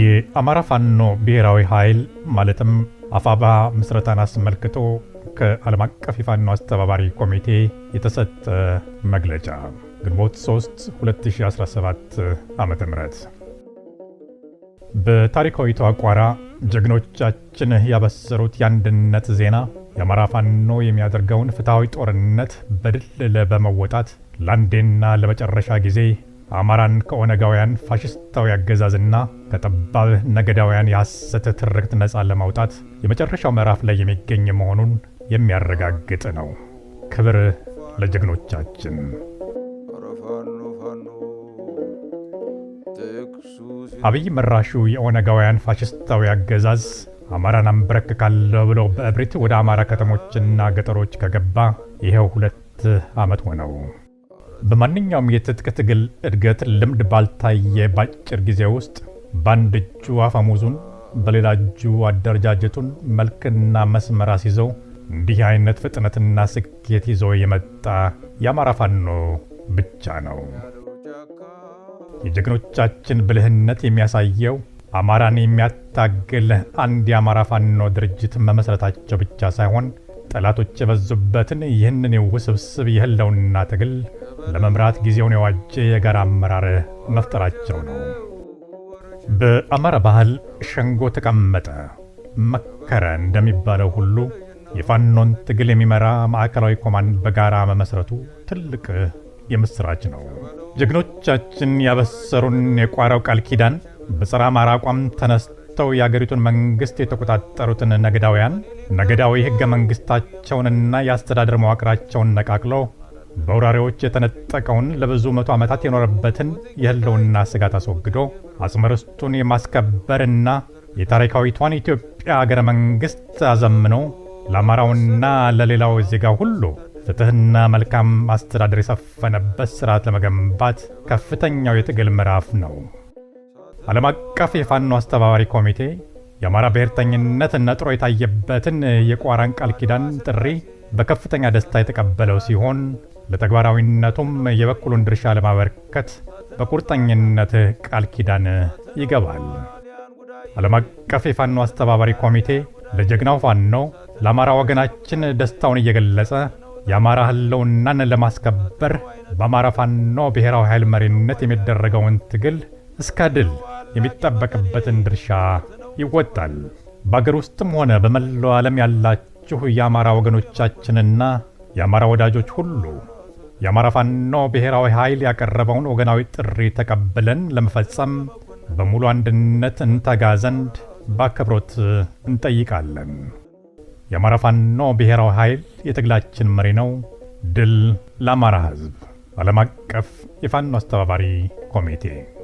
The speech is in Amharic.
የአማራ ፋኖ ብሔራዊ ኃይል ማለትም አፋባ ምስረታን አስመልክቶ ከዓለም አቀፍ የፋኖ አስተባባሪ ኮሚቴ የተሰጠ መግለጫ ግንቦት 3 2017 ዓ.ም በታሪካዊቷ ቋራ ጀግኖቻችን ያበሰሩት የአንድነት ዜና የአማራ ፋኖ የሚያደርገውን ፍትሐዊ ጦርነት በድል በመወጣት ለአንዴና ለመጨረሻ ጊዜ አማራን ከኦነጋውያን ፋሽስታዊ አገዛዝና ከጠባብ ነገዳውያን የሐሰት ትርክት ነፃ ለማውጣት የመጨረሻው ምዕራፍ ላይ የሚገኝ መሆኑን የሚያረጋግጥ ነው። ክብር ለጀግኖቻችን። አብይ መራሹ የኦነጋውያን ፋሽስታዊ አገዛዝ አማራን አንበረክካለሁ ብሎ በእብሪት ወደ አማራ ከተሞችና ገጠሮች ከገባ ይኸው ሁለት ዓመት ሆነው። በማንኛውም የትጥቅ ትግል እድገት ልምድ ባልታየ ባጭር ጊዜ ውስጥ በአንድ እጁ አፈሙዙን በሌላ እጁ አደረጃጀቱን መልክና መስመር አስይዘው እንዲህ አይነት ፍጥነትና ስኬት ይዞ የመጣ የአማራ ፋኖ ብቻ ነው። የጀግኖቻችን ብልህነት የሚያሳየው አማራን የሚያታግል አንድ የአማራ ፋኖ ድርጅት መመስረታቸው ብቻ ሳይሆን ጠላቶች የበዙበትን ይህንን ውስብስብ የህልውና ትግል ለመምራት ጊዜውን የዋጀ የጋራ አመራር መፍጠራቸው ነው። በአማራ ባህል ሸንጎ ተቀመጠ፣ መከረ እንደሚባለው ሁሉ የፋኖን ትግል የሚመራ ማዕከላዊ ኮማንድ በጋራ መመስረቱ ትልቅ የምስራች ነው። ጀግኖቻችን ያበሰሩን የቋረው ቃል ኪዳን በጸረ አማራ አቋም ተነስተው የአገሪቱን መንግሥት የተቆጣጠሩትን ነገዳውያን ነገዳዊ ሕገ መንግሥታቸውንና የአስተዳደር መዋቅራቸውን ነቃቅለው በወራሪዎች የተነጠቀውን ለብዙ መቶ ዓመታት የኖረበትን የህልውና ስጋት አስወግዶ አጽመርስቱን የማስከበርና የታሪካዊቷን ኢትዮጵያ አገረ መንግሥት አዘምኖ ለአማራውና ለሌላው ዜጋ ሁሉ ፍትሕና መልካም አስተዳደር የሰፈነበት ሥርዓት ለመገንባት ከፍተኛው የትግል ምዕራፍ ነው። ዓለም አቀፍ የፋኖ አስተባባሪ ኮሚቴ የአማራ ብሔርተኝነት ነጥሮ የታየበትን የቋራን ቃል ኪዳን ጥሪ በከፍተኛ ደስታ የተቀበለው ሲሆን ለተግባራዊነቱም የበኩሉን ድርሻ ለማበርከት በቁርጠኝነት ቃል ኪዳን ይገባል። ዓለም አቀፍ የፋኖ አስተባባሪ ኮሚቴ ለጀግናው ፋኖ ለአማራ ወገናችን ደስታውን እየገለጸ የአማራ ህልውናን ለማስከበር በአማራ ፋኖ ብሔራዊ ኃይል መሪነት የሚደረገውን ትግል እስከ ድል የሚጠበቅበትን ድርሻ ይወጣል። በአገር ውስጥም ሆነ በመላው ዓለም ያላችሁ የአማራ ወገኖቻችንና የአማራ ወዳጆች ሁሉ የአማራ ፋኖ ብሔራዊ ኃይል ያቀረበውን ወገናዊ ጥሪ ተቀብለን ለመፈጸም በሙሉ አንድነት እንተጋ ዘንድ በአክብሮት እንጠይቃለን። የአማራ ፋኖ ብሔራዊ ኃይል የትግላችን መሪ ነው። ድል ለአማራ ሕዝብ! ዓለም አቀፍ የፋኖ አስተባባሪ ኮሚቴ